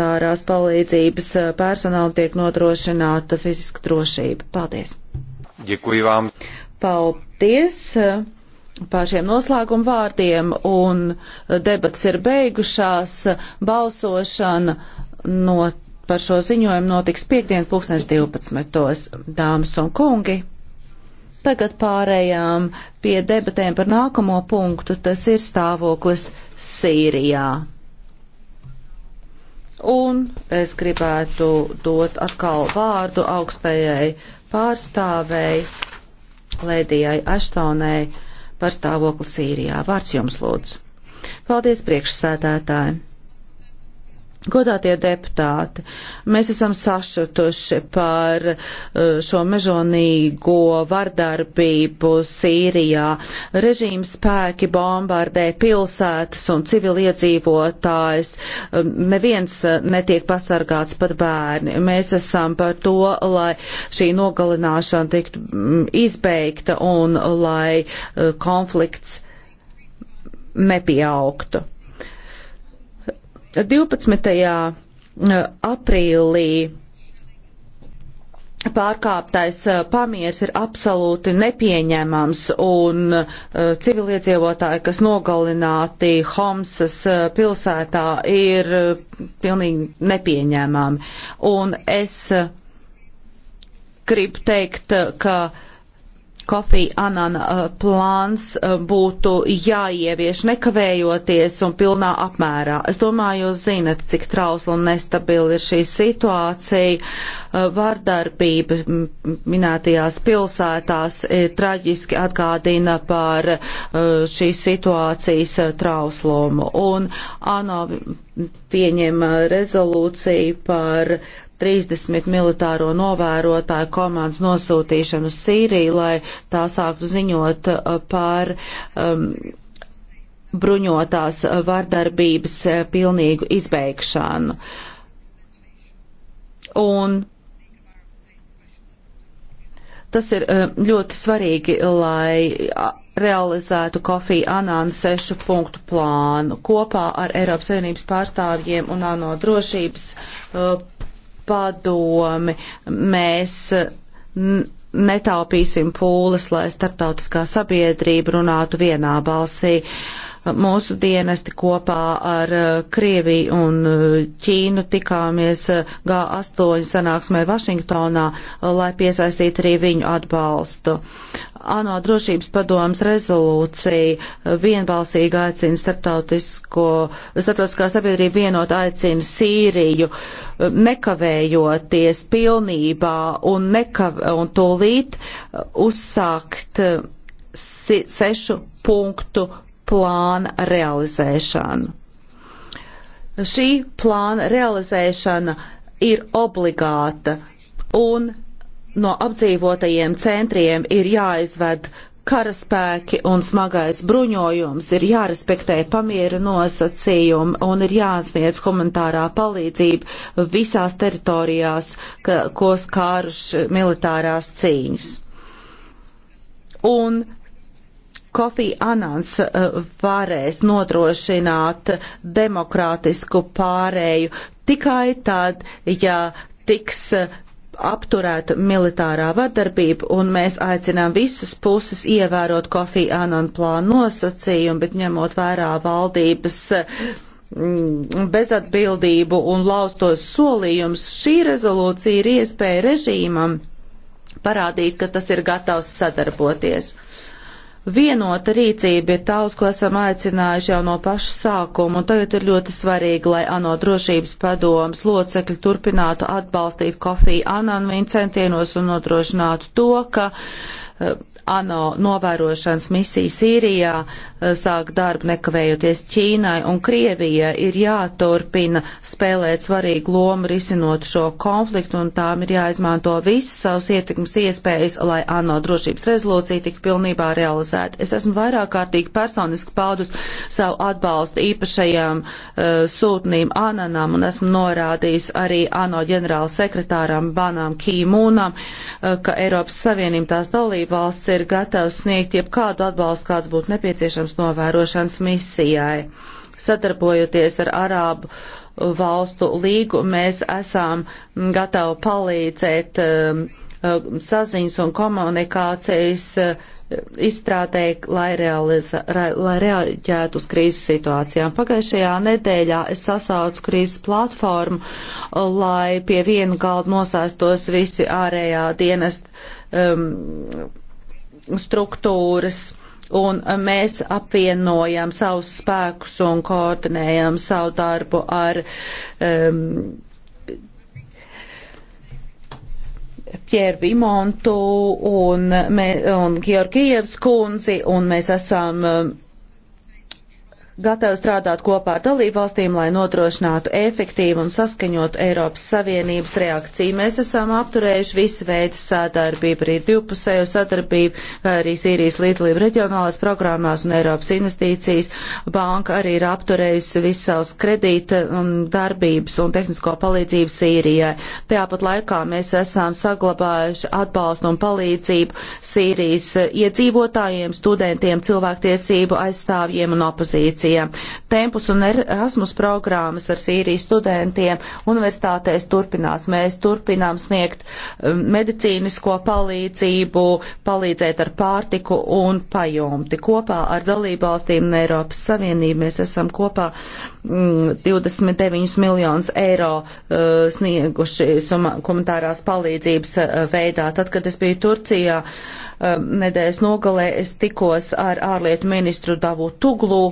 humanitārās palīdzības eh, personālam tiek nodrošināta fiziska drošība. Paldies! Děkuji vám! Paldies eh, par šiem noslēguma vārdiem un eh, debats ir beigušās. Balsošana no, par šo ziņojumu notiks piekdien pulkstens 12. Dāmas un kungi! Tagad pārējām pie debatēm par nākamo punktu, tas ir stāvoklis Sīrijā. Un es gribētu dot atkal vārdu augstajai pārstāvēji, Lēdijai Aštonai par stāvokli Sīrijā. Vārds jums lūdzu. Paldies priekšsēdētāji! Godātie deputāti, mēs esam sašutuši par eh, šo mežonīgo vardarbību Sīrijā. Režīma spēki bombardē pilsētas un civiliedzīvotājs. Eh, neviens eh, netiek pasargāts pat bērni. Mēs esam par to, lai šī nogalināšana tiktu mm, izbeigta un lai konflikts nepieaugtu. 12. Eh, aprīlī pārkāptais eh, pamiers ir absolūti nepieņemams un eh, civiliedzīvotāji, kas nogalināti Homsas pilsētā, ir pilnīgi nepieņēmami. Un es gribu teikt, ka uh, Kofija Anana uh, plāns uh, būtu jāievieš nekavējoties un pilnā apmērā. Es domāju, jūs zinat, cik trausla un nestabila ir šī situācija. Uh, vardarbība minētajās pilsētās eh, traģiski atgādina par šīs situācijas trauslumu. Un ANO pieņem rezolūciju par uh, 30 militāro novērotāju komandas nosūtīšanu uz Sīriju, lai tā sāktu ziņot uh, par um, bruņotās vardarbības uh, pilnīgu izbeigšanu. Un Tas ir uh, ļoti svarīgi, lai realizētu Kofiju Anānu sešu punktu plānu kopā ar Eiropas Savienības pārstāvjiem un ANO drošības padomi, mēs netaupīsim pūles, lai starptautiskā sabiedrība runātu vienā balsī. Uh, mūsu dienesti kopā ar eh, Krieviju un eh, Ķīnu tikāmies eh, G8 sanāksmē Vašingtonā, lai piesaistītu arī viņu atbalstu. ANO drošības padomas rezolūcija vienbalsīgi aicina starptautiskā sabiedrība vienot aicina Sīriju nekavējoties pilnībā un, nekav, un tūlīt uzsākt sešu punktu plāna realizēšanu. Šī plāna realizēšana ir obligāta un no apdzīvotajiem centriem ir jāizved karaspēki un smagais bruņojums, ir jārespektē pamiera nosacījumi un ir jāsniedz humanitārā palīdzība visās teritorijās, ka, ko skāruši militārās cīņas. Un Kofi Anans eh, varēs nodrošināt demokrātisku pārēju tikai tad, ja tiks eh, apturēta militārā vardarbība, un mēs aicinām visas puses ievērot Kofi Anan plānu nosacījumu, bet ņemot vērā valdības mm, bezatbildību un laustos solījums, šī rezolūcija ir iespēja režīmam parādīt, ka tas ir gatavs sadarboties. Vienota rīcība ir tā, uz ko esam aicinājuši jau no paša sākuma, un tagad ir ļoti svarīgi, lai ANO drošības padomas locekļi turpinātu atbalstīt Kofiju Ananu viņa centienos un nodrošinātu to, ka uh, ANO novērošanas misija Sīrijā eh, sāk darbu nekavējoties Ķīnai un Krievijai ir jāturpina spēlēt svarīgu lomu risinot šo konfliktu un tām ir jāizmanto visas savas ietekmes iespējas, lai ANO drošības rezolūcija tik pilnībā realizēta. Es esmu vairāk kārtīgi personiski paudus savu atbalstu īpašajām uh, eh, sūtnīm Ananam un esmu norādījis arī ANO ģenerāla sekretāram Banām Kīmūnam, uh, eh, ka Eiropas Savienība tās dalība dalībvalsts ir gatavs sniegt jebkādu atbalstu, kāds būtu nepieciešams novērošanas misijai. Sadarbojoties ar Arābu valstu līgu, mēs esam gatavi palīdzēt um, um saziņas un komunikācijas uh, izstrādē, lai, realiza, lai reaģētu uz krīzes situācijām. Pagājušajā nedēļā es sasaucu krīzes platformu, lai pie viena galda nosēstos visi ārējā dienesta um, struktūras un mēs apvienojam savus spēkus un koordinējam savu darbu ar um, Pjēru Vimontu un, me, un Georgievs kundzi, un mēs esam um, gatavi strādāt kopā ar dalību valstīm, lai nodrošinātu efektīvu un saskaņotu Eiropas Savienības reakciju. Mēs esam apturējuši visu veidu sadarbību, arī divpusējo sadarbību, arī Sīrijas līdzlību reģionālās programmās un Eiropas investīcijas. Banka arī ir apturējusi visu savus kredīta un darbības un tehnisko palīdzību Sīrijai. Tāpat laikā mēs esam saglabājuši atbalstu un palīdzību Sīrijas iedzīvotājiem, studentiem, cilvēktiesību aizstāvjiem un opozīcijai pozīcija. Tempus un Erasmus programmas ar Sīrijas studentiem universitātēs turpinās. Mēs turpinām sniegt um, medicīnisko palīdzību, palīdzēt ar pārtiku un pajumti. Kopā ar dalībvalstīm un Eiropas Savienību mēs esam kopā 29 mm, miljonus eiro uh, snieguši komentārās palīdzības uh, veidā. Tad, kad es biju Turcijā, um, nedēļas nogalē es tikos ar ārlietu ministru Davu Tuglu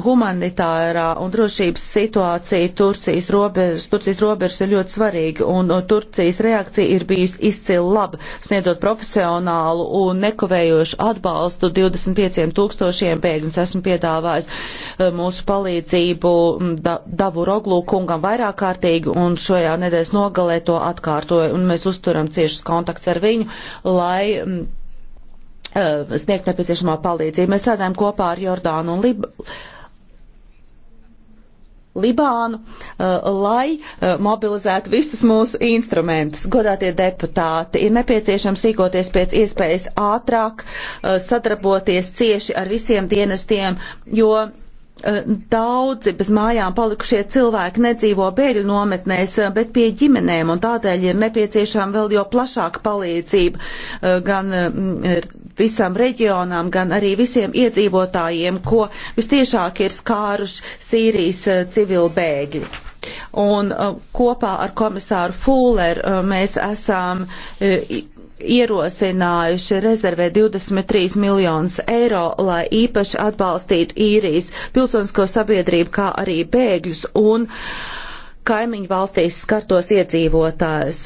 humanitārā un drošības situācija Turcijas robežas, Turcijas robežas ir ļoti svarīga, un Turcijas reakcija ir bijusi izcili laba, sniedzot profesionālu un nekavējošu atbalstu 25 tūkstošiem bēgļus. Esmu piedāvājis eh, mūsu palīdzību da, Davu Roglu kungam vairāk kārtīgi, un šajā nedēļas nogalē to atkārtoju, un mēs uzturam ciešus kontakts ar viņu, lai eh, sniegt nepieciešamā palīdzību. Mēs strādājam kopā ar Jordānu un Lib Libānu, eh, lai eh, mobilizētu visus mūsu instrumentus. Godātie deputāti, ir nepieciešams rīkoties pēc iespējas ātrāk, eh, sadarboties cieši ar visiem dienestiem, jo Eh, daudzi bez mājām palikušie cilvēki nedzīvo bēļu nometnēs, eh, bet pie ģimenēm, un tādēļ ir nepieciešama vēl jo plašāka palīdzība eh, gan visam reģionām, gan arī visiem iedzīvotājiem, ko vistiešāk ir skāruši Sīrijas civilbēgļi. Un kopā ar komisāru Fūleru mēs esam ierosinājuši rezervē 23 miljonus eiro, lai īpaši atbalstītu īrijas pilsonisko sabiedrību, kā arī bēgļus un kaimiņu valstīs skartos iedzīvotājus.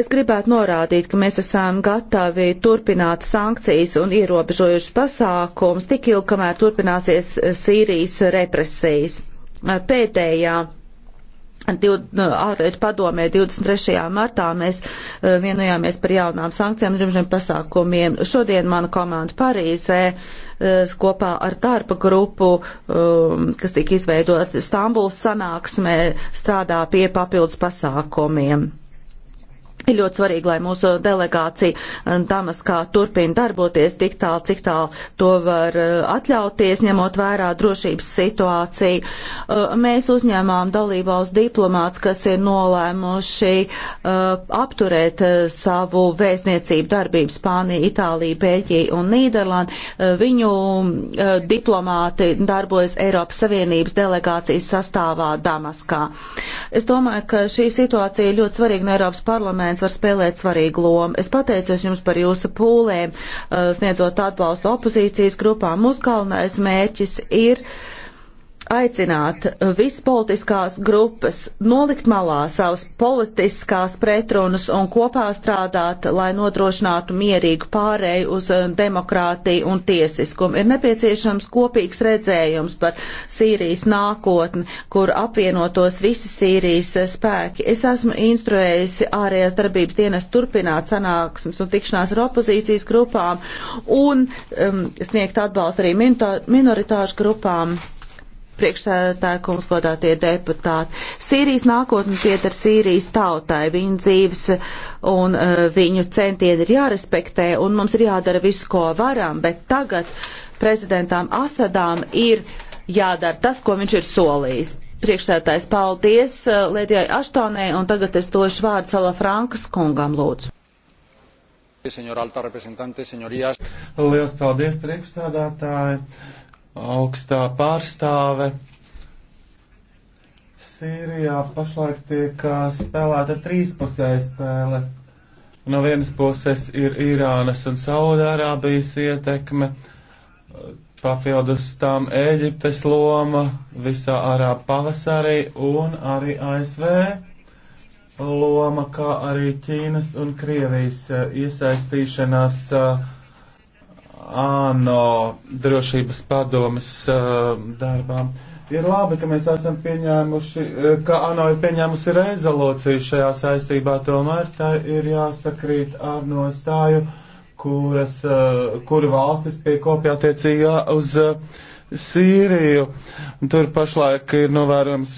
Es gribētu norādīt, ka mēs esam gatavi turpināt sankcijas un ierobežojušas pasākums tik ilgi, kamēr turpināsies Sīrijas represijas. Pēdējā Nu, ārlietu padomē 23. martā mēs uh, vienojāmies par jaunām sankcijām un rimžiem pasākumiem. Šodien mana komanda Parīzē uh, kopā ar Tarpa grupu, um, kas tika izveidota Stambuls sanāksmē, strādā pie papildus pasākumiem. Ir ļoti svarīgi, lai mūsu delegācija eh, Damaskā turpina darboties tik tālu, cik tālu to var eh, atļauties, ņemot vērā drošības situāciju. Eh, mēs uzņēmām dalībvalstu diplomāts, kas ir nolēmuši apturēt savu vēstniecību darbību Spāniju, Itāliju, Beļģiju un Nīderlandi. Viņu diplomāti darbojas Eiropas Savienības delegācijas sastāvā Damaskā. Es domāju, ka šī situācija ir ļoti svarīga un Eiropas parlaments parlaments var spēlēt svarīgu lomu. Es pateicos jums par jūsu pūlēm, uh, sniedzot atbalstu opozīcijas grupām. Mūsu galvenais mērķis ir uh, aicināt vispolitiskās grupas nolikt malā savus politiskās pretrunas un kopā strādāt, lai nodrošinātu mierīgu pārēju uz eh, demokrātiju un tiesiskumu. Ir nepieciešams kopīgs redzējums par Sīrijas nākotni, kur apvienotos visi Sīrijas eh, spēki. Es esmu instruējusi ārējās darbības dienas turpināt sanāksmes un tikšanās ar opozīcijas grupām un um, sniegt atbalstu arī minoritāšu grupām priekšsēdētāja kungs, godātie deputāti. Sīrijas nākotne pieder Sīrijas tautai, viņu dzīves un uh, viņu centieni ir jārespektē, un mums ir jādara visu, ko varam, bet tagad prezidentām Asadām ir jādara tas, ko viņš ir solījis. Priekšsētājs paldies uh, Lēdijai Aštonē, un tagad es došu vārdu Sala Frankas kungam lūdzu. Liels paldies, priekšstādātāji! augstā pārstāve. Sīrijā pašlaik tiek spēlēta trīspusēja spēle. No vienas puses ir Irānas un Saudārābijas ietekme, papildus tam Ēģiptes loma visā Arābu pavasarī un arī ASV loma, kā arī Ķīnas un Krievijas iesaistīšanās uh, ANO drošības padomes uh, darbām. Ir labi, ka mēs esam pieņēmuši, uh, ka ANO ir pieņēmusi rezolūciju šajā saistībā, tomēr tā ir jāsakrīt ar nostāju, kuras, uh, kuru valstis pie kopjā tiecīgā uz uh, Sīriju. Tur pašlaik ir novērojams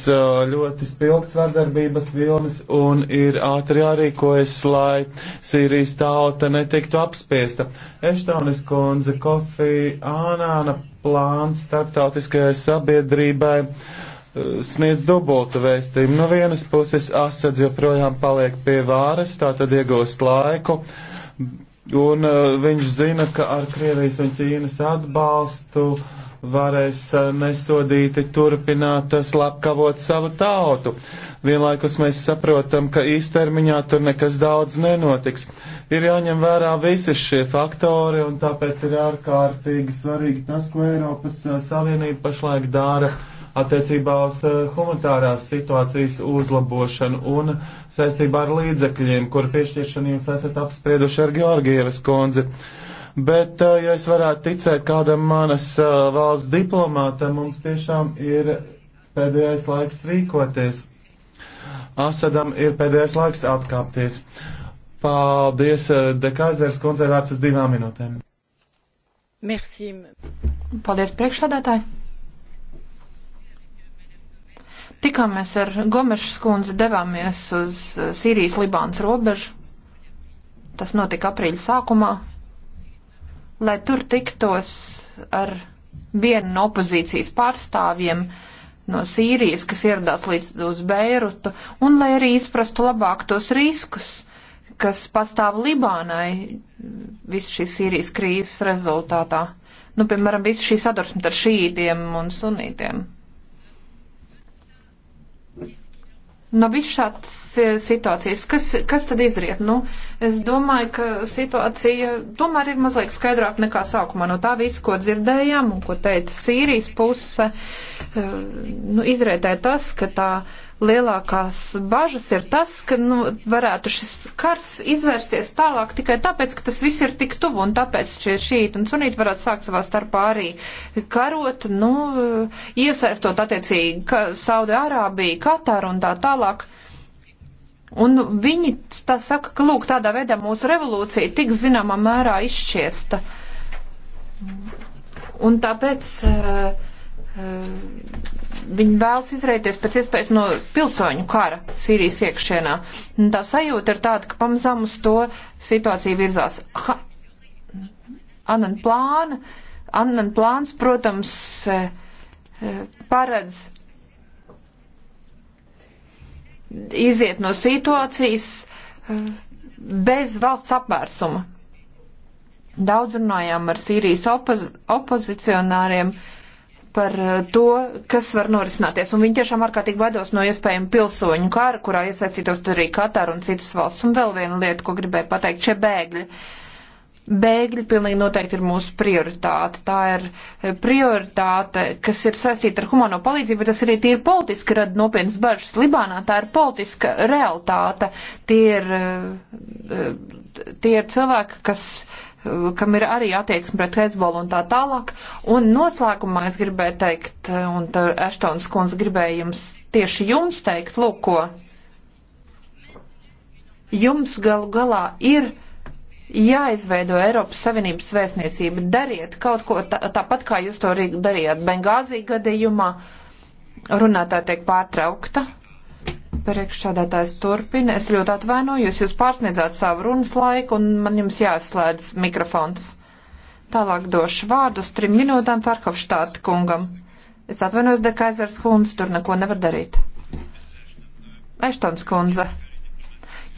ļoti spilgts vardarbības vilnis un ir ātri jārīkojas, lai Sīrijas tauta netiktu apspiesta. Eštaunis kundze, Kofi, Ānāna plāns starptautiskajai sabiedrībai sniedz dubultu vēstījumu. No vienas puses Asads joprojām paliek pie vāres, tā tad iegūst laiku Un uh, viņš zina, ka ar Krievijas un Ķīnas atbalstu varēs uh, nesodīti turpināt uh, slepkavot savu tautu. Vienlaikus mēs saprotam, ka īstermiņā tur nekas daudz nenotiks. Ir jāņem vērā visi šie faktori, un tāpēc ir ārkārtīgi svarīgi tas, ko Eiropas uh, Savienība pašlaik dara attiecībā uz eh, humanitārās situācijas uzlabošanu un saistībā ar līdzekļiem, kur piešķiršanu jūs esat apsprieduši ar Georgievas kundzi. Bet, eh, ja es varētu ticēt kādam manas eh, valsts diplomātam, mums tiešām ir pēdējais laiks rīkoties. Asadam ir pēdējais laiks atkāpties. Paldies, Dekaizers kundzei vērts uz divām minūtēm. Merci. Paldies, priekšsādātāji. Tikāmies ar Gomešas kundzi, devāmies uz eh, Sīrijas-Libānas robežu. Tas notika aprīļa sākumā, lai tur tiktos ar vienu no opozīcijas pārstāvjiem no Sīrijas, kas ieradās līdz uz Beirutu, un lai arī izprastu labāk tos riskus, kas pastāv Libānai visu šīs Sīrijas krīzes rezultātā. Nu, piemēram, visu šī sadursme ar šīdiem un sunītiem. No viss šāds eh, situācijas, kas, kas tad izriet? Nu, es domāju, ka situācija tomēr ir mazliet skaidrāka nekā sākumā. No tā viss, ko dzirdējām un ko teica Sīrijas puse, eh, nu, izrietē tas, ka tā lielākās bažas ir tas, ka nu, varētu šis kars izvērsties tālāk tikai tāpēc, ka tas viss ir tik tuvu un tāpēc šie šīti un sunīti varētu sākt savā starpā arī karot, nu, iesaistot attiecīgi ka Saudi Arābiju, Kataru un tā tālāk. Un viņi tā saka, ka lūk, tādā veidā mūsu revolūcija tiks zināmā mērā izšķiesta. Un tāpēc. Uh, Viņi vēlas izraities pēc iespējas no pilsoņu kara Sīrijas iekšienā. Un tā sajūta ir tāda, ka pamazām uz to situācija virzās. Ha, Anan plāna, Anan plāns, protams, eh, eh, paredz iziet no situācijas eh, bez valsts apvērsuma. Daudz runājām ar Sīrijas opoz opozicionāriem. Uh, par eh, to, kas var norisināties. Un viņi tiešām ārkārtīgi baidos no iespējama pilsoņu kara, kurā iesaistītos arī Katāra un citas valsts. Un vēl viena lieta, ko gribēju pateikt, šie bēgļi. Bēgļi pilnīgi noteikti ir mūsu prioritāte. Tā ir eh, prioritāte, kas ir saistīta ar humano palīdzību, bet tas arī tīri politiski rada nopietnas bažas. Libānā tā ir politiska realitāte. Tie ir, eh, tie ir cilvēki, kas kam ir arī attieksme pret Hezbollu un tā tālāk. Un noslēgumā es gribēju teikt, un Eštons kundz gribēja jums tieši jums teikt, lūk, ko jums galu galā ir jāizveido Eiropas Savienības vēstniecība. Dariet kaut ko tā, tāpat, kā jūs to darījāt Bengāzī gadījumā. Runātā tiek pārtraukta. Priekšsādātājs turpina. Es ļoti atvainojos, jūs pārsniedzāt savu runas laiku un man jums jāslēdz mikrofons. Tālāk došu vārdu uz trim minūtēm Farhofštāta kungam. Es atvainojos, de Kaisers Huns tur neko nevar darīt. Eštons kundze.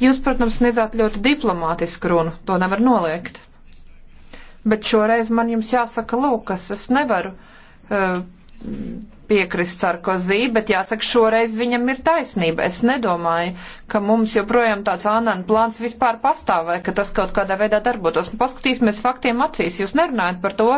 Jūs, protams, sniedzāt ļoti diplomātisku runu, to nevar noliegt. Bet šoreiz man jums jāsaka, lūk, es nevaru uh, piekrist Sarkozī, bet jāsaka, šoreiz viņam ir taisnība. Es nedomāju, ka mums joprojām tāds ānēna plāns vispār pastāv vai ka tas kaut kādā veidā darbotos. Nu, paskatīsimies faktiem acīs. Jūs nerunājat par to,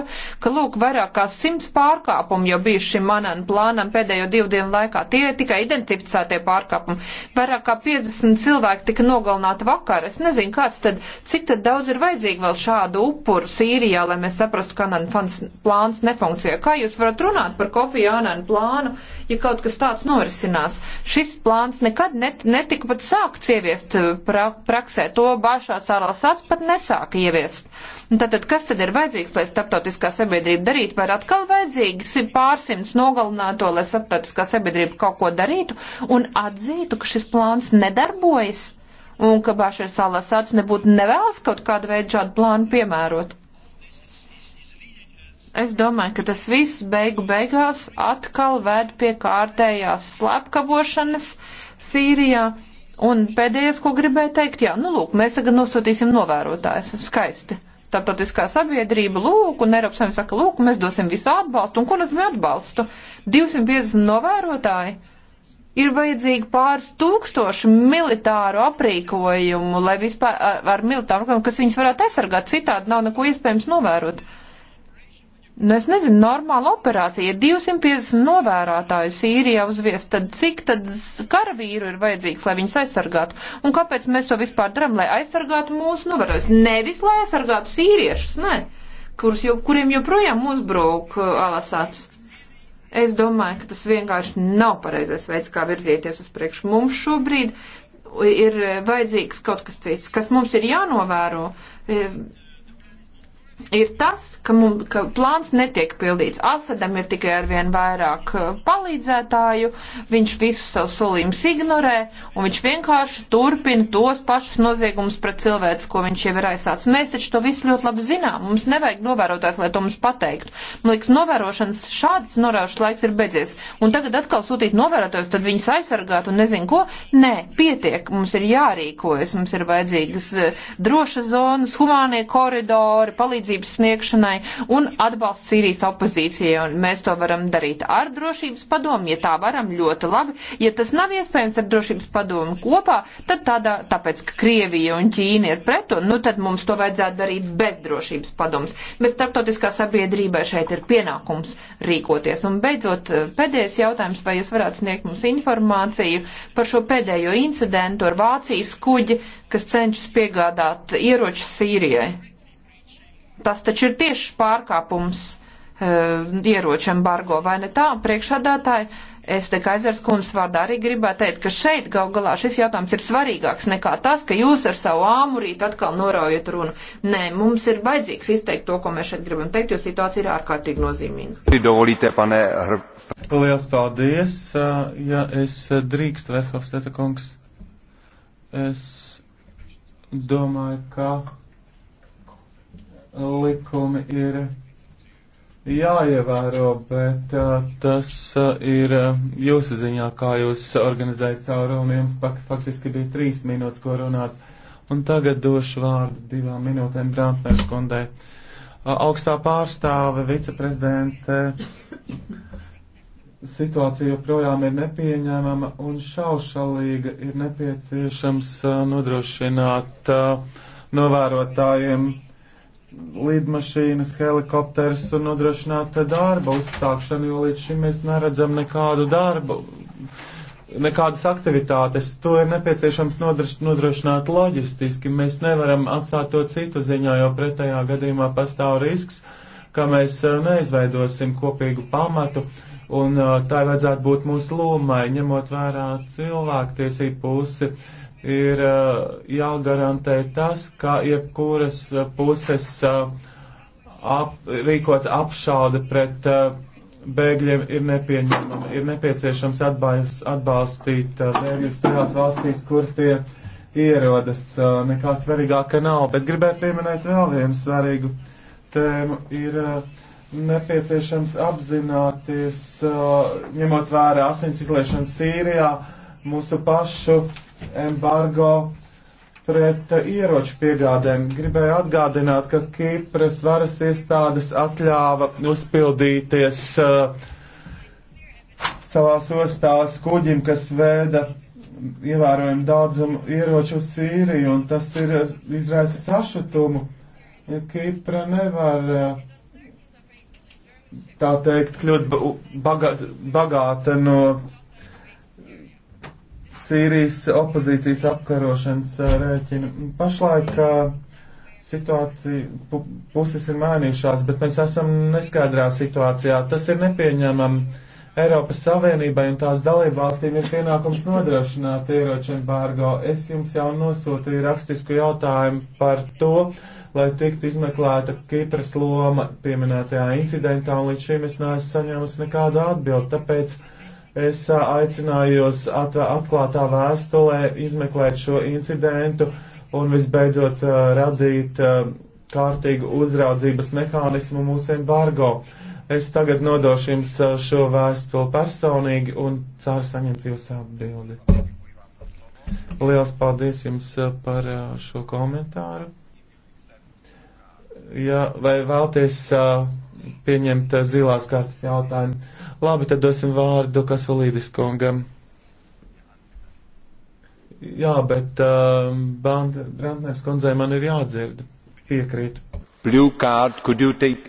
ka lūk, vairāk kā simts pārkāpumu jau bijuši šim ānēna plānam pēdējo divu dienu laikā. Tie ir tikai identificētie pārkāpumi. Vairāk kā 50 cilvēki tika nogalināti vakar. Es nezinu, kāds tad, cik tad daudz ir vajadzīgi vēl šādu upuru Sīrijā, lai mēs saprastu, ka ānēna plāns nefunkcionē. Kā jūs varat runāt par Kofi Ānēnu? sarunu plānu, ja kaut kas tāds norisinās. Šis plāns nekad net, netika pat sākts ieviest eh, pra, praksē, to Bāšās Alasāts pat nesāka ieviest. Tātad, kas tad ir vajadzīgs, lai starptautiskā sabiedrība darītu, vai ir atkal vajadzīgs pārsimts nogalināto, lai starptautiskā sabiedrība kaut ko darītu un atzītu, ka šis plāns nedarbojas? un ka Bašars Alasāds nebūtu nevēlas kaut kādu veidu šādu plānu piemērot. Es domāju, ka tas viss beigu beigās atkal ved pie kārtējās slepkavošanas Sīrijā. Un pēdējais, ko gribēju teikt, jā, nu lūk, mēs tagad nosūtīsim novērotājus. Skaisti. Starptautiskā sabiedrība lūk, un Eiropas Savienība saka, lūk, mēs dosim visu atbalstu. Un ko nozīmē atbalstu? 250 novērotāji ir vajadzīgi pāris tūkstoši militāru aprīkojumu, lai vispār ar, ar militāru, kas viņus varētu aizsargāt, citādi nav neko iespējams novērot. Nu, es nezinu, normāla operācija ir 250 novērotāju Sīrijā uzvies, tad cik tad karavīru ir vajadzīgs, lai viņus aizsargātu? Un kāpēc mēs to vispār darām, lai aizsargātu mūsu novērojas? Nevis, lai aizsargātu sīriešus, nē, kurus, jo, kuriem joprojām uzbrūk uh, alasāts. Es domāju, ka tas vienkārši nav pareizais veids, kā virzieties uz priekšu. Mums šobrīd ir uh, vajadzīgs kaut kas cits, kas mums ir jānovēro. Uh, ir tas, ka, mum, ka plāns netiek pildīts. Asadam ir tikai arvien vairāk uh, palīdzētāju, viņš visus savus solījumus ignorē, un viņš vienkārši turpina tos pašus noziegumus pret cilvēku, ko viņš jau ir aizsācis. Mēs taču to visu ļoti labi zinām, mums nevajag novērotājs, lai to mums pateiktu. Man liekas, novērošanas šāds norāžas laiks ir beidzies, un tagad atkal sūtīt novērotājus, tad viņus aizsargāt un nezinu ko. Nē, pietiek, mums ir jārīkojas, mums ir vajadzīgas uh, drošas zonas, humānie koridori, palīdzība palīdzības sniegšanai un atbalsts Sīrijas opozīcijai, un mēs to varam darīt ar drošības padomu, ja tā varam ļoti labi. Ja tas nav iespējams ar drošības padomu kopā, tad tādā, tāpēc, ka Krievija un Ķīna ir pret to, nu tad mums to vajadzētu darīt bez drošības padomas. Bet starptautiskā sabiedrībai šeit ir pienākums rīkoties. Un beidzot, pēdējais jautājums, vai jūs varētu sniegt mums informāciju par šo pēdējo incidentu ar Vācijas kuģi, kas cenšas piegādāt ieročus Sīrijai? Tas taču ir tieši pārkāpums eh, ieroču embargo, vai ne tā? Priekšādātāji, es te Kaisers kundzes vārdā arī gribētu teikt, ka šeit gal galā šis jautājums ir svarīgāks nekā tas, ka jūs ar savu āmurīti atkal noraujat runu. Nē, mums ir vajadzīgs izteikt to, ko mēs šeit gribam teikt, jo situācija ir ārkārtīgi nozīmīga. Lielas paldies, eh, ja es eh, drīkst, Verhofsteta kungs. Es domāju, ka likumi ir jāievēro, bet uh, tas uh, ir uh, jūsu ziņā, kā jūs organizējat caurumu. Jums faktiski bija trīs minūtes, ko runāt. Un tagad došu vārdu divām minūtēm Brantners kundai. Uh, augstā pārstāve, viceprezidente, situācija joprojām ir nepieņēmama un šaušalīga ir nepieciešams uh, nodrošināt uh, novērotājiem lidmašīnas, helikopters un nodrošināt darba uzsākšanu, jo līdz šim mēs neredzam nekādu darbu, nekādas aktivitātes. To ir nepieciešams nodrošināt loģistiski. Mēs nevaram atstāt to citu ziņā, jo pretējā gadījumā pastāv risks, ka mēs eh, neizveidosim kopīgu pamatu. Un eh, tā vajadzētu būt mūsu lomai, ņemot vērā cilvēktiesību pusi. Uh, ir jāgarantē tas, ka jebkuras puses ap, rīkot apšaude pret bēgļiem ir nepieņemama. Ir nepieciešams atbalst, atbalstīt bēgļus tajās valstīs, kur tie ierodas. Nekā svarīgāka nav, bet gribēju pieminēt vēl vienu svarīgu tēmu. Ir, Nepieciešams apzināties, ņemot vērā asins izliešanu Sīrijā, uh, mūsu pašu embargo pret ieroču piegādēm. Gribēju atgādināt, ka Kīpras varas iestādes atļāva uzpildīties uh, savās ostās kuģim, kas vēda ievērojumu daudzumu ieroču uz Sīriju, un tas ir izraisa sašutumu. Kipra nevar, uh, tā teikt, kļūt bagāta no Sīrijas opozīcijas apkarošanas uh, rēķina. Pašlaik uh, situācija puses ir mainījušās, bet mēs esam neskaidrā situācijā. Tas ir nepieņemami. Eiropas Savienībai un tās dalībvalstīm ir pienākums nodrošināt ieroču embargo. Es jums jau nosūtīju rakstisku jautājumu par to, lai tiktu izmeklēta Kipras loma pieminētajā incidentā, un līdz šim es neesmu saņēmusi nekādu atbildi. Tāpēc Es aicinājos at, atklātā vēstulē izmeklēt šo incidentu un visbeidzot radīt kārtīgu uzraudzības mehānismu mūsu embargo. Es tagad nodošu jums šo vēstuli personīgi un ceru saņemt jūsu atbildi. Lielas paldies jums par šo komentāru. Ja, vai vēlties pieņemt zilās kartas jautājumu? Labi, tad dosim vārdu Kasulīdis kungam. Jā, bet uh, um, Brantnēs kundzei man ir jādzird. Piekrīt. Blue card, could you take?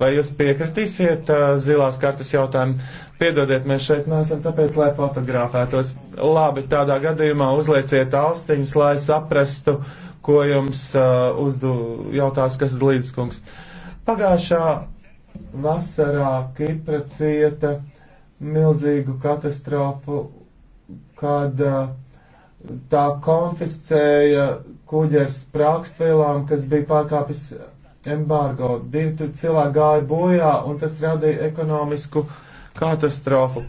Vai jūs piekritīsiet uh, zilās kartas jautājumu? Piedodiet, mēs šeit neesam tāpēc, lai fotografētos. Labi, tādā gadījumā uzlieciet austiņas, lai saprastu, ko jums uh, uzdu jautās, kas ir līdzkungs. Pagājušā Vasarā Kipra cieta milzīgu katastrofu, kad uh, tā konfiscēja kuģers sprākstvielām, kas bija pārkāpis embargo. Divi cilvēki gāja bojā, un tas radīja ekonomisku katastrofu.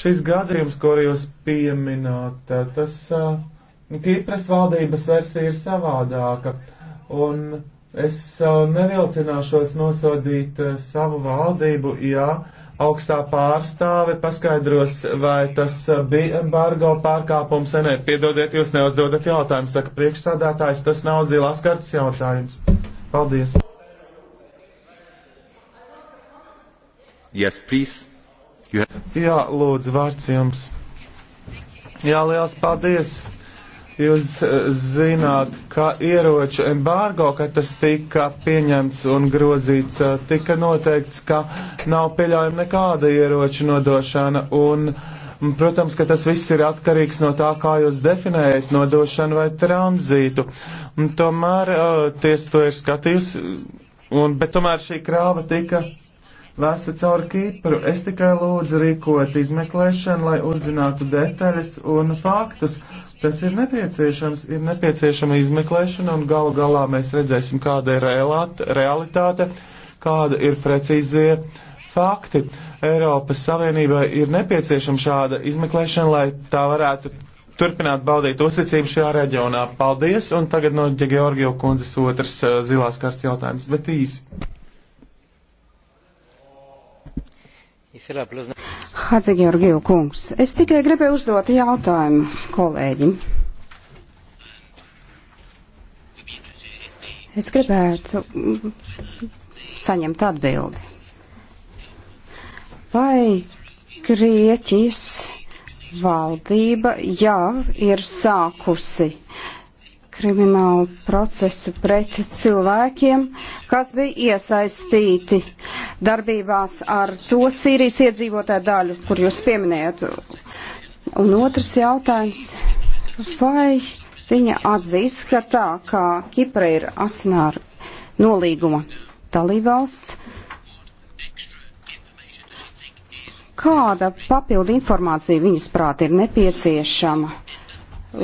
Šis gadījums, ko jūs pieminat, tas uh, Kipras valdības versija ir savādāka. Un uh, Es uh, nevilcināšos nosodīt uh, savu valdību, ja augstā pārstāve paskaidros, vai tas uh, bija embargo pārkāpums. Nē, piedodiet, jūs neuzdodat jautājumu, saka priekšsādātājs, tas nav zilās kartas jautājums. Paldies. Yes, please. You have... Jā, lūdzu, vārds jums. Jā, liels paldies. Jūs eh, zināt, ka ieroču embargo, kad tas tika pieņemts un grozīts, eh, tika noteikts, ka nav pieļaujama nekāda ieroču nodošana. Un, protams, ka tas viss ir atkarīgs no tā, kā jūs definējat nodošanu vai tranzītu. Un, tomēr eh, tiesa to ir skatījusi, un, bet tomēr šī krāva tika vēsta caur Kipru. Es tikai lūdzu rīkot izmeklēšanu, lai uzzinātu detaļas un faktus. Tas ir nepieciešams, ir nepieciešama izmeklēšana, un galu galā mēs redzēsim, kāda ir reālāt, realitāte, kāda ir precīzie fakti. Eiropas Savienībai ir nepieciešama šāda izmeklēšana, lai tā varētu turpināt baudīt uzticību šajā reģionā. Paldies, un tagad no Georgiju kundzes otrs eh, zilās kārtas jautājums, bet īsi. Hadze Georgiju kungs, es tikai gribēju uzdot jautājumu kolēģim. Es gribētu saņemt atbildi. Vai Grieķijas valdība jau ir sākusi kriminālu procesu pret cilvēkiem, kas bija iesaistīti darbībās ar to Sīrijas iedzīvotāju daļu, kur jūs pieminējat. Un otrs jautājums, vai viņa atzīst, ka tā kā Kipra ir asināra nolīguma dalībvalsts, kāda papildu informācija viņas prāt ir nepieciešama?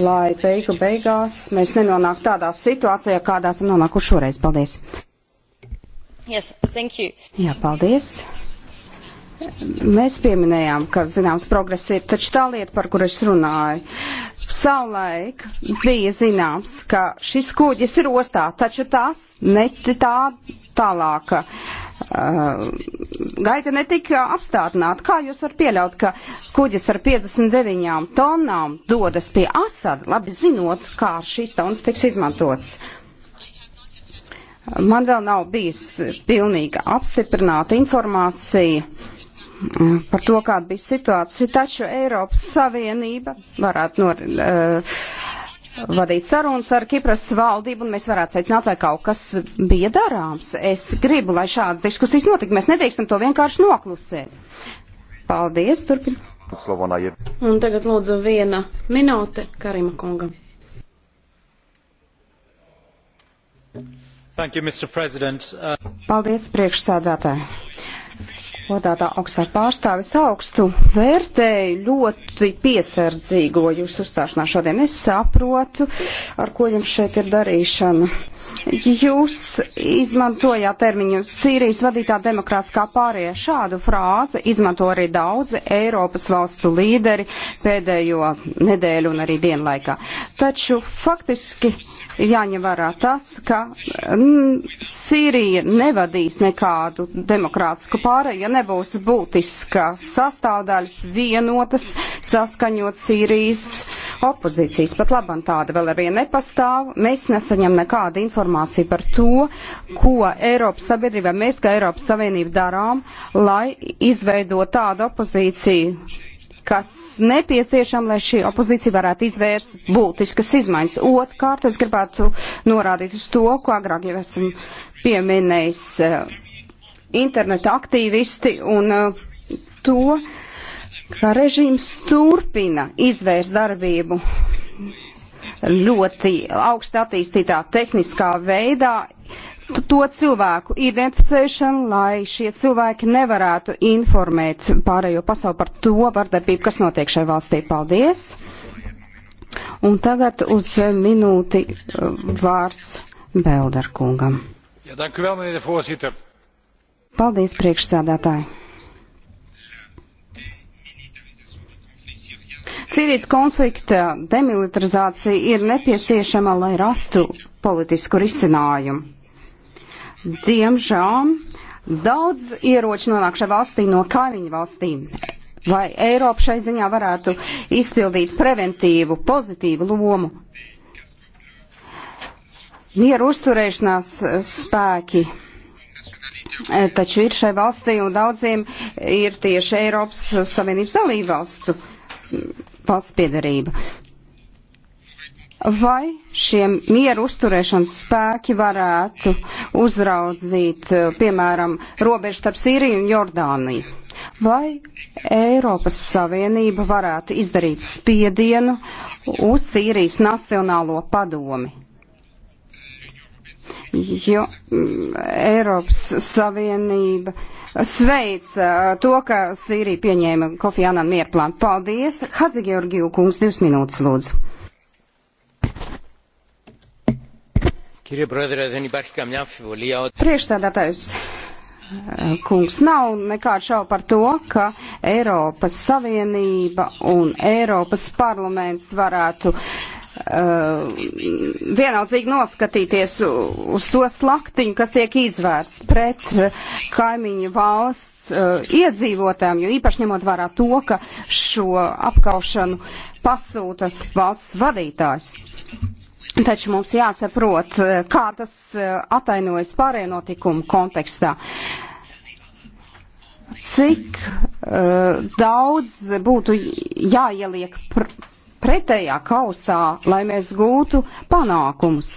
lai beigu beigās mēs nenonāktu tādā situācijā, kādā esam nonākuši šoreiz. Paldies! Yes, thank you. Jā, paldies. Mēs pieminējām, ka zināms progress ir, taču tā lieta, par kur es runāju, savulaik bija zināms, ka šis kuģis ir ostā, taču tas ne tā tālāk. Uh, gaita netika apstādināta. Kā jūs varat pieļaut, ka kuģis ar 59 tonnām dodas pie Asada, labi zinot, kā šīs tonnas tiks izmantotas? Man vēl nav bijis pilnīgi apstiprināta informācija par to, kāda bija situācija. Taču Eiropas Savienība varētu nor, uh, vadīt sarunas ar Kipras valdību, un mēs varētu secināt, vai kaut kas bija darāms. Es gribu, lai šādas diskusijas notika. Mēs nedrīkstam to vienkārši noklusēt. Paldies, turpin. Un tagad lūdzu viena minūte Karima kungam. Thank you, Mr. President. Uh... Paldies, priekšsādātāji godātā augstā pārstāvis augstu vērtēju ļoti piesardzīgo jūsu uzstāšanā šodien. Es saprotu, ar ko jums šeit ir darīšana. Jūs izmantojāt termiņu Sīrijas vadītā demokrātiskā pārējā. Šādu frāzi izmanto arī daudzi Eiropas valstu līderi pēdējo nedēļu un arī dienu laikā. Taču faktiski ir jāņem vērā tas, ka mm, Sīrija nevadīs nekādu demokrātisku pārēju, ja nebūs būtiska sastāvdaļas vienotas saskaņot Sīrijas opozīcijas. Pat labam tāda vēl arī nepastāv. Mēs nesaņem nekādu informāciju par to, ko Eiropas sabiedrībā mēs, kā Eiropas Savienība darām, lai izveidot tādu opozīciju kas nepieciešama, lai šī opozīcija varētu izvērst būtiskas izmaiņas. Otkārt, es gribētu norādīt uz to, ko agrāk jau esam pieminējis eh, interneta aktīvisti un eh, to, ka režīms turpina izvērst darbību ļoti augsti attīstītā tehniskā veidā, to cilvēku identificēšanu, lai šie cilvēki nevarētu informēt pārējo pasauli par to vardarbību, kas notiek šai valstī. Paldies! Un tagad uz minūti uh, vārds Belderkungam. Ja, vēl, mēne, Paldies, priekšsādātāji! Sīrijas konflikta demilitarizācija ir nepieciešama, lai rastu politisku risinājumu. Diemžēl daudz ieroču nonāk šajā valstī no kaimiņu valstīm. Vai Eiropa šai ziņā varētu izpildīt preventīvu, pozitīvu lomu? Mieru uzturēšanās spēki e, taču ir šai valstī un daudziem ir tieši Eiropas Savienības dalībvalstu valsts piedarība. Vai šiem mieru uzturēšanas spēki varētu uzraudzīt, eh, piemēram, robežu starp Sīriju un Jordāniju? Vai Eiropas Savienība varētu izdarīt spiedienu uz Sīrijas Nacionālo padomi? Jo mm, Eiropas Savienība sveic eh, to, ka Sīrija pieņēma Kofi Annan mierplānu. Paldies! Hadzi Georgiju kungs, divas minūtes lūdzu. Priekšstādātājs kungs nav nekādu šaubu par to, ka Eiropas Savienība un Eiropas parlaments varētu uh, vienaldzīgi noskatīties uz to slaktiņu, kas tiek izvērs pret eh, kaimiņu valsts uh, iedzīvotājiem, jo īpaši ņemot vērā to, ka šo apkaušanu pasūta valsts vadītājs. Taču mums jāsaprot, eh, kā tas eh, atainojas pārējā notikuma kontekstā. Cik uh, daudz būtu jāieliek pr pretējā kausā, lai mēs gūtu panākumus?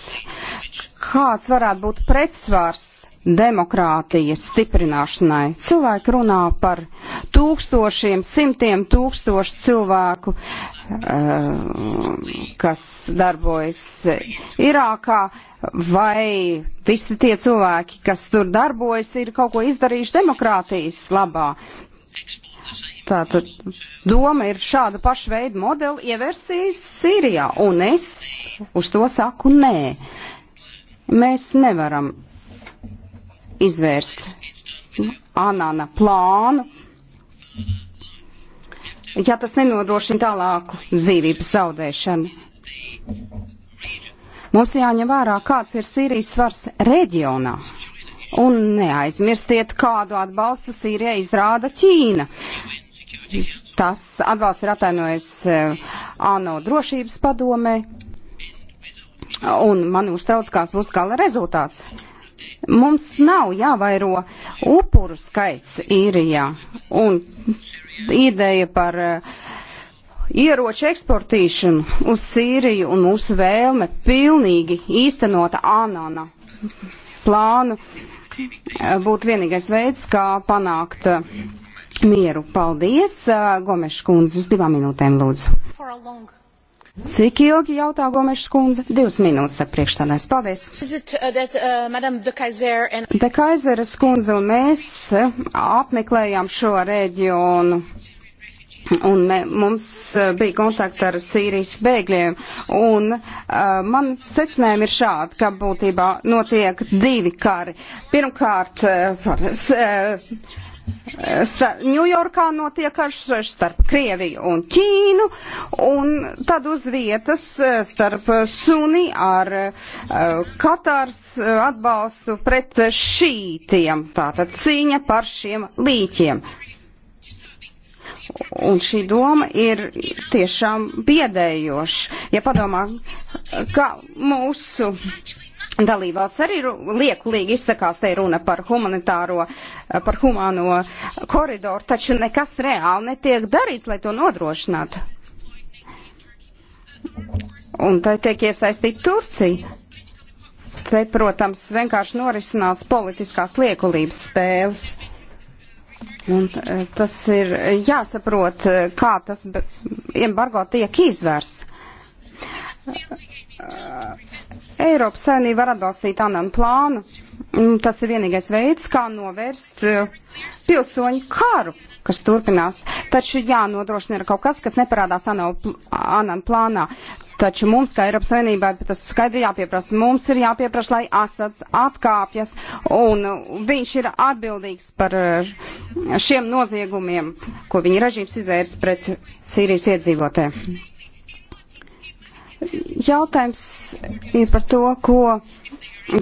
Kāds varētu būt pretsvars demokrātijas stiprināšanai. Cilvēki runā par tūkstošiem, simtiem tūkstošu cilvēku, eh, kas darbojas Irākā, vai visi tie cilvēki, kas tur darbojas, ir kaut ko izdarījuši demokrātijas labā. Tātad doma ir šādu pašu veidu modeli ieversijas Sīrijā, un es uz to saku nē. Mēs nevaram izvērst nu, Anana plānu, ja tas nenodrošina tālāku dzīvības zaudēšanu. Mums jāņem vērā, kāds ir Sīrijas svars reģionā. Un neaizmirstiet, kādu atbalstu Sīrijai izrāda Ķīna. Tas atbalsts ir atainojis eh, ANO drošības padomē. Un man uztrauc, kāds būs gala rezultāts. Mums nav jāvairo upuru skaits īrijā un ideja par uh, ieroču eksportīšanu uz Sīriju un mūsu vēlme pilnīgi īstenota Anana plānu eh, būtu vienīgais veids, kā panākt eh, mieru. Paldies, Gomeša kundze, uz divām minūtēm lūdzu. Cik ilgi jautā Gomešs kundze? Divas minūtes, saka priekšstādājs. Paldies. Uh, uh, de Kaizeres kundze un mēs uh, apmeklējām šo reģionu. Un me, mums bija kontakti ar Sīrijas bēgļiem, un uh, man secinājumi ir šādi, ka būtībā notiek divi kari. Pirmkārt, uh, uh, Ņujorkā notiek karš starp Krieviju un Ķīnu, un tad uz vietas starp Suni ar Katārs atbalstu pret šītiem. Tātad cīņa par šiem līķiem. Un šī doma ir tiešām biedējoša. Ja padomā, ka mūsu Dalībvalsts arī liekulīgi izsakās, te runa par humanitāro, eh, par humāno koridoru, taču nekas reāli netiek darīts, lai to nodrošinātu. Un tai tiek iesaistīta Turcija. Te, protams, vienkārši norisinās politiskās liekulības spēles. Un eh, tas ir jāsaprot, eh, kā tas embargo tiek izvērsts Uh, Eiropas saimnība var atbalstīt Anam plānu. Mm, tas ir vienīgais veids, kā novērst uh, pilsoņu karu, kas turpinās. Taču jānodrošina ir kaut kas, kas neparādās Anam plānā. Taču mums, kā Eiropas Savienībai, tas skaidri jāpieprasa. Mums ir jāpieprasa, lai Asads atkāpjas, un uh, viņš ir atbildīgs par šiem noziegumiem, ko viņa režīms izvērs pret Sīrijas iedzīvotē. Jautājums ir par to, ko,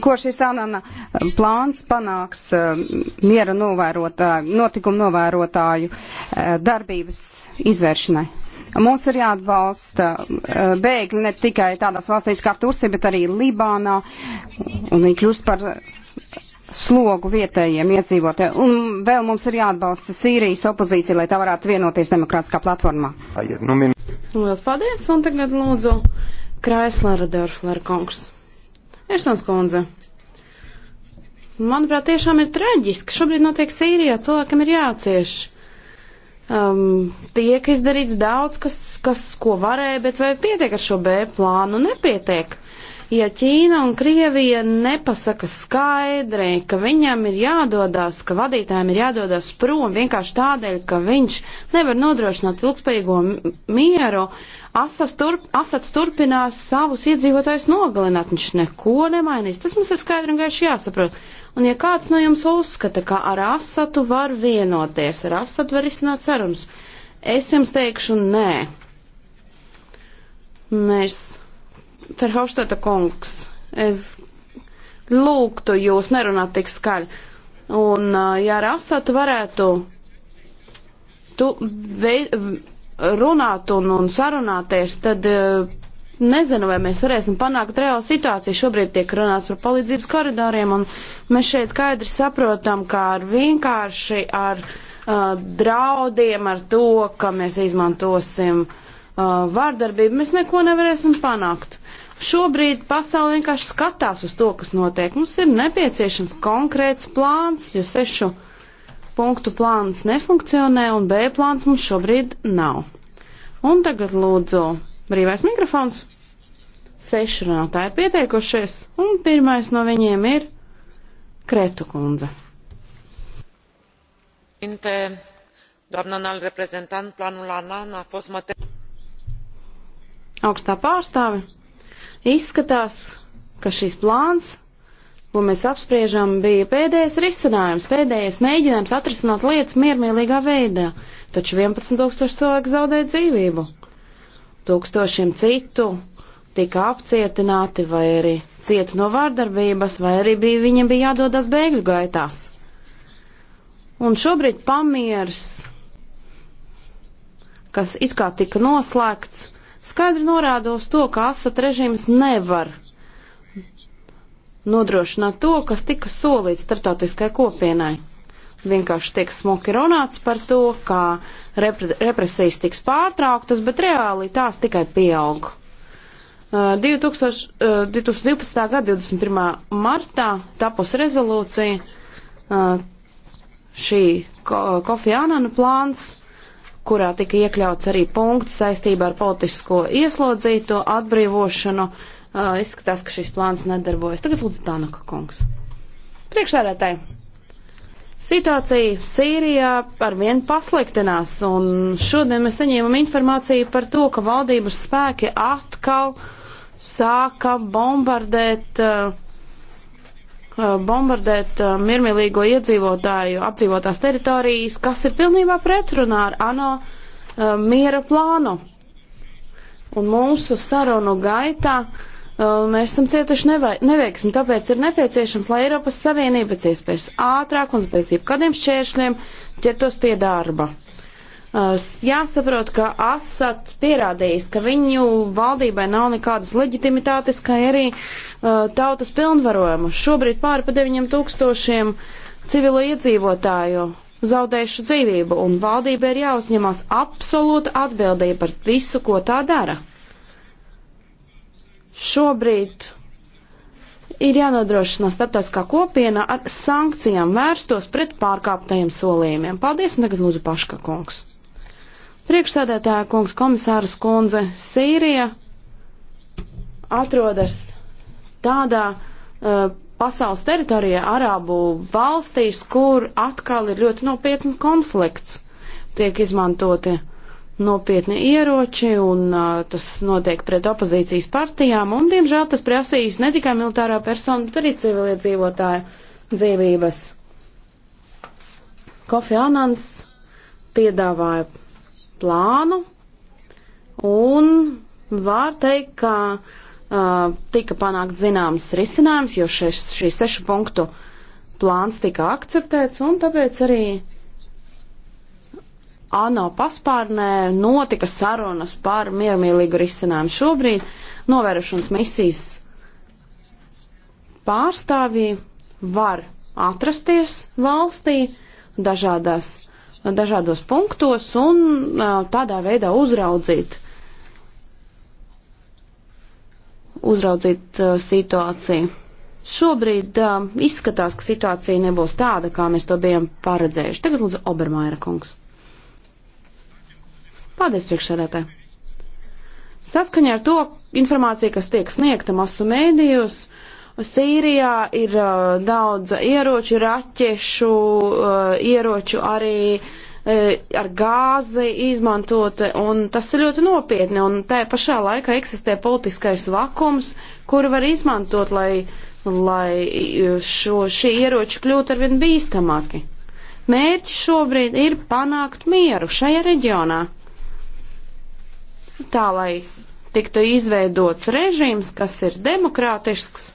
ko šis Anana plāns panāks eh, miera novērotāju, notikumu novērotāju eh, darbības izvēršanai. Mums ir jāatbalsta eh, bēgļi ne tikai tādās valstīs kā Turcija, bet arī Libānā, un viņi kļūst par slogu vietējiem iedzīvotājiem. Un vēl mums ir jāatbalsta Sīrijas opozīcija, lai tā varētu vienoties demokrātiskā platformā. Nu, Lielas paldies, un tagad lūdzu Kraislera Dörfler kungs. Eštons kundze. Manuprāt, tiešām ir traģiski. Šobrīd notiek Sīrijā, cilvēkam ir jācieš. Um, tiek izdarīts daudz, kas, kas ko varēja, bet vai pietiek ar šo B plānu? Nepietiek ja Ķīna un Krievija nepasaka skaidri, ka viņam ir jādodas, ka vadītājiem ir jādodas prom vienkārši tādēļ, ka viņš nevar nodrošināt ilgspējīgo mieru, Asats turp, Asats turpinās savus iedzīvotājus nogalināt, viņš neko nemainīs. Tas mums ir skaidri un gaiši jāsaprot. Un ja kāds no jums uzskata, ka ar Asatu var vienoties, ar Asatu var izsināt sarunas, es jums teikšu nē. Mēs Ferhofstata kungs, es lūgtu jūs nerunāt tik skaļi. Un, ja ar asatu varētu tu vei, runāt un, un sarunāties, tad nezinu, vai mēs varēsim panākt reālu situāciju. Šobrīd tiek runāts par palīdzības koridoriem, un mēs šeit skaidri saprotam, kā ar vienkārši ar uh, draudiem, ar to, ka mēs izmantosim uh, vārdarbību, mēs neko nevarēsim panākt. Šobrīd pasauli vienkārši skatās uz to, kas notiek. Mums ir nepieciešams konkrēts plāns, jo sešu punktu plāns nefunkcionē un B plāns mums šobrīd nav. Un tagad lūdzu brīvais mikrofons. Seši runātāji ir pieteikušies, un pirmais no viņiem ir Kretu kundze. Augstā pārstāve Izskatās, ka šis plāns, ko mēs apspriežam, bija pēdējais risinājums, pēdējais mēģinājums atrisināt lietas miermīlīgā veidā, taču 11 tūkstoši cilvēku zaudēja dzīvību. Tūkstošiem citu tika apcietināti vai arī cieta no vārdarbības, vai arī bija, viņiem bija jādodas bēgļu gaitās. Un šobrīd pamieris, kas it kā tika noslēgts, skaidri norāda uz to, ka Asad režīms nevar nodrošināt to, kas tika solīts starptautiskai kopienai. Vienkārši tiek smuki runāts par to, kā repre represijas tiks pārtrauktas, bet reāli tās tikai pieaug. Uh, 2000, uh, 2012. gada 21. martā tapus rezolūcija uh, šī Kofi Anana plāns kurā tika iekļauts arī punkts saistībā ar politisko ieslodzīto atbrīvošanu. Uh, izskatās, ka šis plāns nedarbojas. Tagad lūdzu Tanaka kungs. Priekšsēdētāji, situācija Sīrijā ar vien pasliktinās, un šodien mēs saņēmam informāciju par to, ka valdības spēki atkal sāka bombardēt uh, Uh, bombardēt uh, miermīlīgo iedzīvotāju apdzīvotās teritorijas, kas ir pilnībā pretrunā ar ANO uh, miera plānu. Un mūsu sarunu gaitā mēs esam cietuši neveiksmi, tāpēc ir nepieciešams, lai Eiropas Savienība pēc iespējas ātrāk un bez jebkādiem šķēršļiem ķertos pie darba jāsaprot, ka Asats pierādījis, ka viņu valdībai nav nekādas leģitimitātes, kā arī uh, tautas pilnvarojuma. Šobrīd pāri pa 9000 civilu iedzīvotāju zaudējuši dzīvību, un valdībai ir jāuzņemās absolūta atbildība par visu, ko tā dara. Šobrīd ir jānodrošina starptautiskā kopiena ar sankcijām vērstos pret pārkāptajiem solījumiem. Paldies, un tagad lūdzu Paška kungs. Priekšsēdētāja kungs komisāras kundze Sīrija atrodas tādā uh, pasaules teritorijā, Arābu valstīs, kur atkal ir ļoti nopietns konflikts. Tiek izmantoti nopietni ieroči un uh, tas notiek pret opozīcijas partijām un, diemžēl, tas prasīs ne tikai militārā persona, bet arī civiliedzīvotāju dzīvības. Kofi Anans piedāvāja plānu, un var teikt, ka uh, tika panākt zināms risinājums, jo šis, šī sešu punktu plāns tika akceptēts, un tāpēc arī ANO paspārnē notika sarunas par miermīlīgu risinājumu. Šobrīd novērošanas misijas pārstāvji var atrasties valstī dažādās dažādos punktos un tādā veidā uzraudzīt, uzraudzīt situāciju. Šobrīd uh, izskatās, ka situācija nebūs tāda, kā mēs to bijām paredzējuši. Tagad lūdzu Obermaira kungs. Paldies priekšsēdētāji. Saskaņā ar to informāciju, kas tiek sniegta masu mēdījos, Sīrijā ir uh, daudz ieroču, raķešu, uh, ieroču arī uh, ar gāzi izmantoti, un tas ir ļoti nopietni, un tā pašā laikā eksistē politiskais vakums, kuru var izmantot, lai, lai uh, šo, šie ieroči kļūtu arvien bīstamāki. Mērķis šobrīd ir panākt mieru šajā reģionā. Tā, lai tiktu izveidots režīms, kas ir demokrātisks,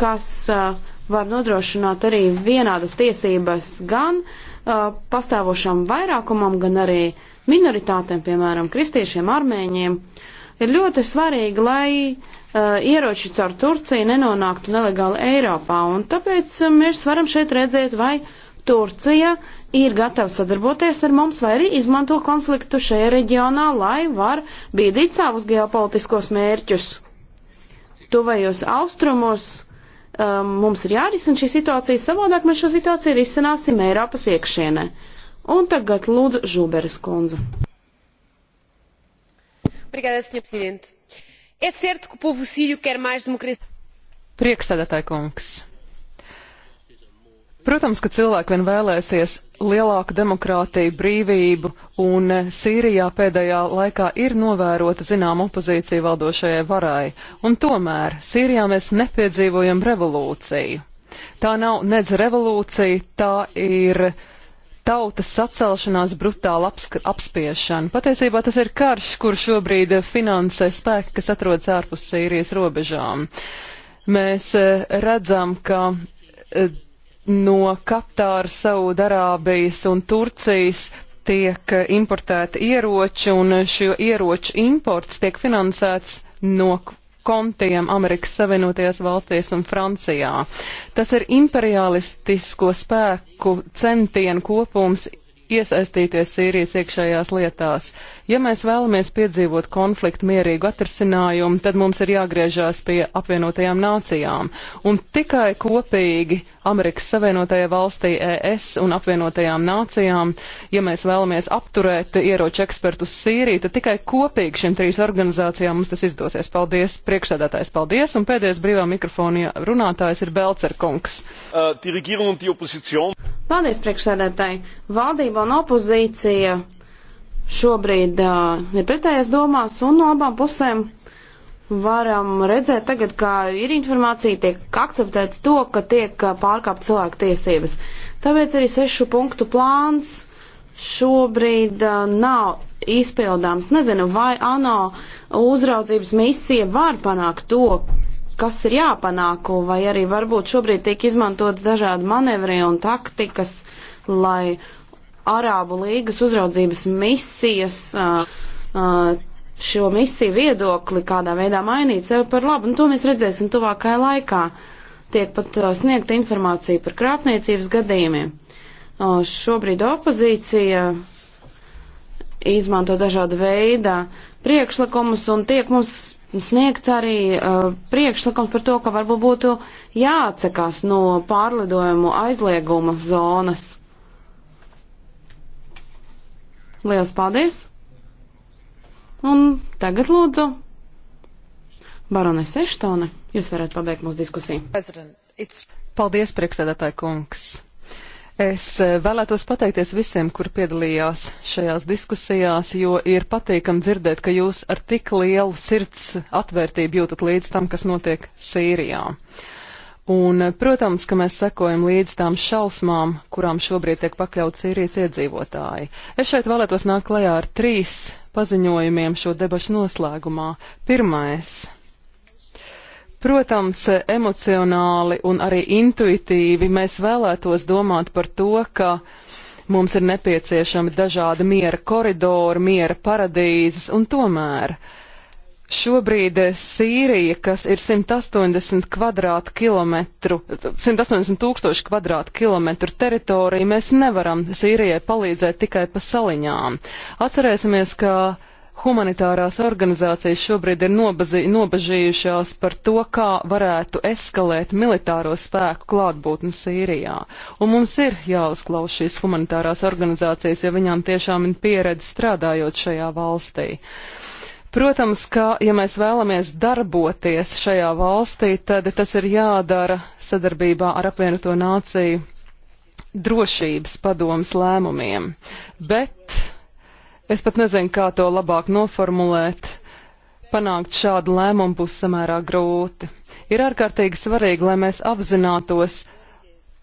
kas uh, var nodrošināt arī vienādas tiesības gan uh, pastāvošam vairākumam, gan arī minoritātēm, piemēram, kristiešiem, armēņiem. Ir ļoti svarīgi, lai uh, ieroči caur Turciju nenonāktu nelegāli Eiropā, un tāpēc mēs varam šeit redzēt, vai Turcija ir gatava sadarboties ar mums vai arī izmanto konfliktu šajā reģionā, lai var bīdīt savus geopolitiskos mērķus. Tuvajos austrumos um, mums ir jārisina šī situācija, savādāk mēs šo situāciju risināsim Eiropas iekšienē. Un tagad lūdzu Žuberes kundze. Obrigada, senhor Presidente. É certo que o povo sírio quer mais democracia. Priekšsēdētāji kungs. Protams, ka cilvēki vien vēlēsies lielāku demokrātiju, brīvību, un eh, Sīrijā pēdējā laikā ir novērota zinām opozīcija valdošajai varai. Un tomēr Sīrijā mēs nepiedzīvojam revolūciju. Tā nav nedz revolūcija, tā ir tautas sacelšanās brutāla apspiešana. Patiesībā tas ir karš, kur šobrīd finansē spēki, kas atrodas ārpus Sīrijas robežām. Mēs eh, redzam, ka eh, no Katāras, Saudarābijas un Turcijas tiek importēti ieroči, un šo ieroču imports tiek finansēts no kontiem Amerikas Savienotajās valstīs un Francijā. Tas ir imperialistisko spēku centienu kopums iesaistīties Sīrijas iekšējās lietās. Ja mēs vēlamies piedzīvot konfliktu mierīgu atrisinājumu, tad mums ir jāgriežās pie apvienotajām nācijām. Un tikai kopīgi Amerikas Savienotajai valstī ES un apvienotajām nācijām, ja mēs vēlamies apturēt ieroču ekspertu uz Sīriju, tad tikai kopīgi šim trīs organizācijām mums tas izdosies. Paldies, priekšsēdētājs, paldies, un pēdējais brīvā mikrofonija runātājs ir Belcerkungs. Uh, Paldies, priekšsēdētāji. Valdība valdība un opozīcija šobrīd uh, ir pretējas domās un no abām pusēm varam redzēt tagad, ka ir informācija, tiek akceptēts to, ka tiek pārkāpt cilvēku tiesības. Tāpēc arī sešu punktu plāns šobrīd uh, nav izpildāms. Nezinu, vai ANO uzraudzības misija var panākt to, kas ir jāpanāk, vai arī varbūt šobrīd tiek izmantot dažādi manevri un taktikas, lai uh, Arābu līgas uzraudzības misijas, šo misiju viedokli kādā veidā mainīt sev par labu, un nu, to mēs redzēsim tuvākajā laikā. Tiek pat sniegta informācija par krāpniecības gadījumiem. Šobrīd opozīcija izmanto dažādu veidu priekšlikumus un tiek mums sniegts arī uh, priekšlikums par to, ka varbūt būtu jāatsakās no pārlidojumu aizlieguma zonas. Liels paldies! Un tagad lūdzu, baronese Eštone, jūs varētu pabeigt mūsu diskusiju. Paldies, priekšsēdētāji kungs! Es eh, vēlētos pateikties visiem, kur piedalījās šajās diskusijās, jo ir patīkam dzirdēt, ka jūs ar tik lielu sirds atvērtību jūtat līdz tam, kas notiek Sīrijā. Uh, Un, protams, ka mēs sekojam līdz tām šausmām, kurām šobrīd tiek pakļauts Sīrijas iedzīvotāji. Es šeit vēlētos nākt klajā ar trīs paziņojumiem šo debašu noslēgumā. Pirmais. Protams, emocionāli un arī intuitīvi mēs vēlētos domāt par to, ka mums ir nepieciešami dažādi miera koridori, miera paradīzes, un tomēr Šobrīd eh, Sīrija, kas ir 180 kvadrātkilometru, 180 tūkstoši kvadrātkilometru teritorija, mēs nevaram Sīrijai palīdzēt tikai pa saliņām. Atcerēsimies, ka humanitārās organizācijas šobrīd ir nobazī, nobažījušās par to, kā varētu eskalēt militāro spēku klātbūtni Sīrijā. Un mums ir jāuzklaus šīs humanitārās organizācijas, jo viņām tiešām ir pieredze strādājot šajā valstī. Uh, Protams, ka, ja mēs vēlamies darboties šajā valstī, tad tas ir jādara sadarbībā ar apvienoto nāciju drošības padomas lēmumiem. Bet es pat nezinu, kā to labāk noformulēt. Panākt šādu lēmumu būs samērā grūti. Ir ārkārtīgi svarīgi, lai mēs apzinātos,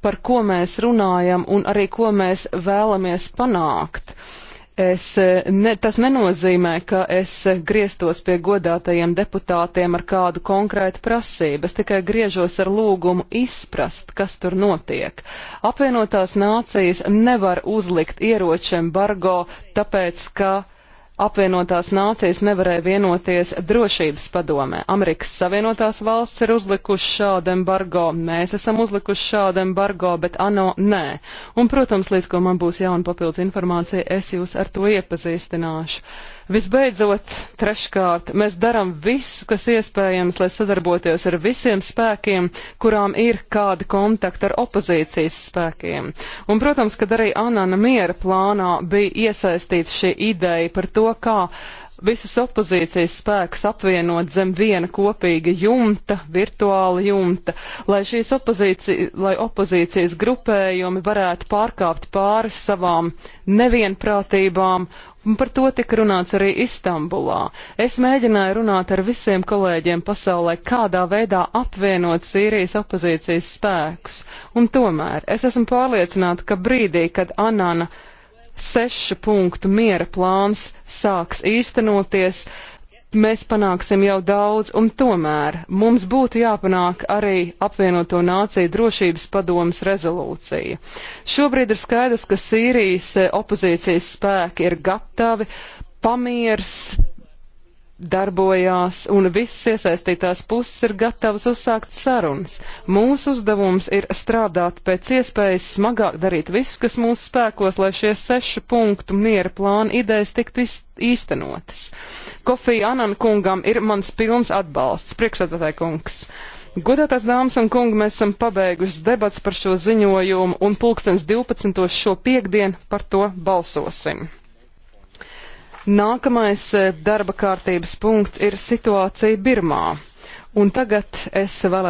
par ko mēs runājam un arī ko mēs vēlamies panākt. Uh, Es, eh, ne, tas nenozīmē, ka es grieztos pie godātajiem deputātiem ar kādu konkrētu prasību. Es tikai griežos ar lūgumu izprast, kas tur notiek. Apvienotās nācijas nevar uzlikt ieroču embargo, tāpēc, ka apvienotās nācijas nevarēja vienoties drošības padomē. Amerikas Savienotās valsts ir uzlikuši šādu embargo, mēs esam uzlikuši šādu embargo, bet ANO nē. Un, protams, līdz ko man būs jauna papildus informācija, es jūs ar to iepazīstināšu. Visbeidzot, treškārt, mēs darām visu, kas iespējams, lai sadarboties ar visiem spēkiem, kurām ir kādi kontakti ar opozīcijas spēkiem. Un, protams, kad arī Anana miera plānā bija iesaistīta šī ideja par to, kā visus opozīcijas spēkus apvienot zem viena kopīga jumta, virtuāla jumta, lai, opozīcija, lai opozīcijas grupējumi varētu pārkāpt pāri savām nevienprātībām Un par to tika runāts arī Istambulā. Es mēģināju runāt ar visiem kolēģiem pasaulē, kādā veidā apvienot Sīrijas opozīcijas spēkus. Un tomēr es esmu pārliecināta, ka brīdī, kad Anana sešu punktu miera plāns sāks īstenoties, uh, mēs panāksim jau daudz, un tomēr mums būtu jāpanāk arī apvienoto nāciju drošības padomas rezolūcija. Šobrīd ir skaidrs, ka Sīrijas eh, opozīcijas spēki ir gatavi, pamiers, darbojās un visas iesaistītās puses ir gatavas uzsākt sarunas. Mūsu uzdevums ir strādāt pēc iespējas smagāk, darīt visu, kas mūsu spēkos, lai šie sešu punktu miera plāna idejas tiktu īstenotas. Kofija Anan kungam ir mans pilns atbalsts, priekšsēdētāji kungs. Godātās dāmas un kungi, mēs esam pabeiguši debats par šo ziņojumu un pulkstens 12. šo piekdienu par to balsosim. Nākamais eh, darba kārtības punkts ir situācija Birmā. Un tagad es vēlētu.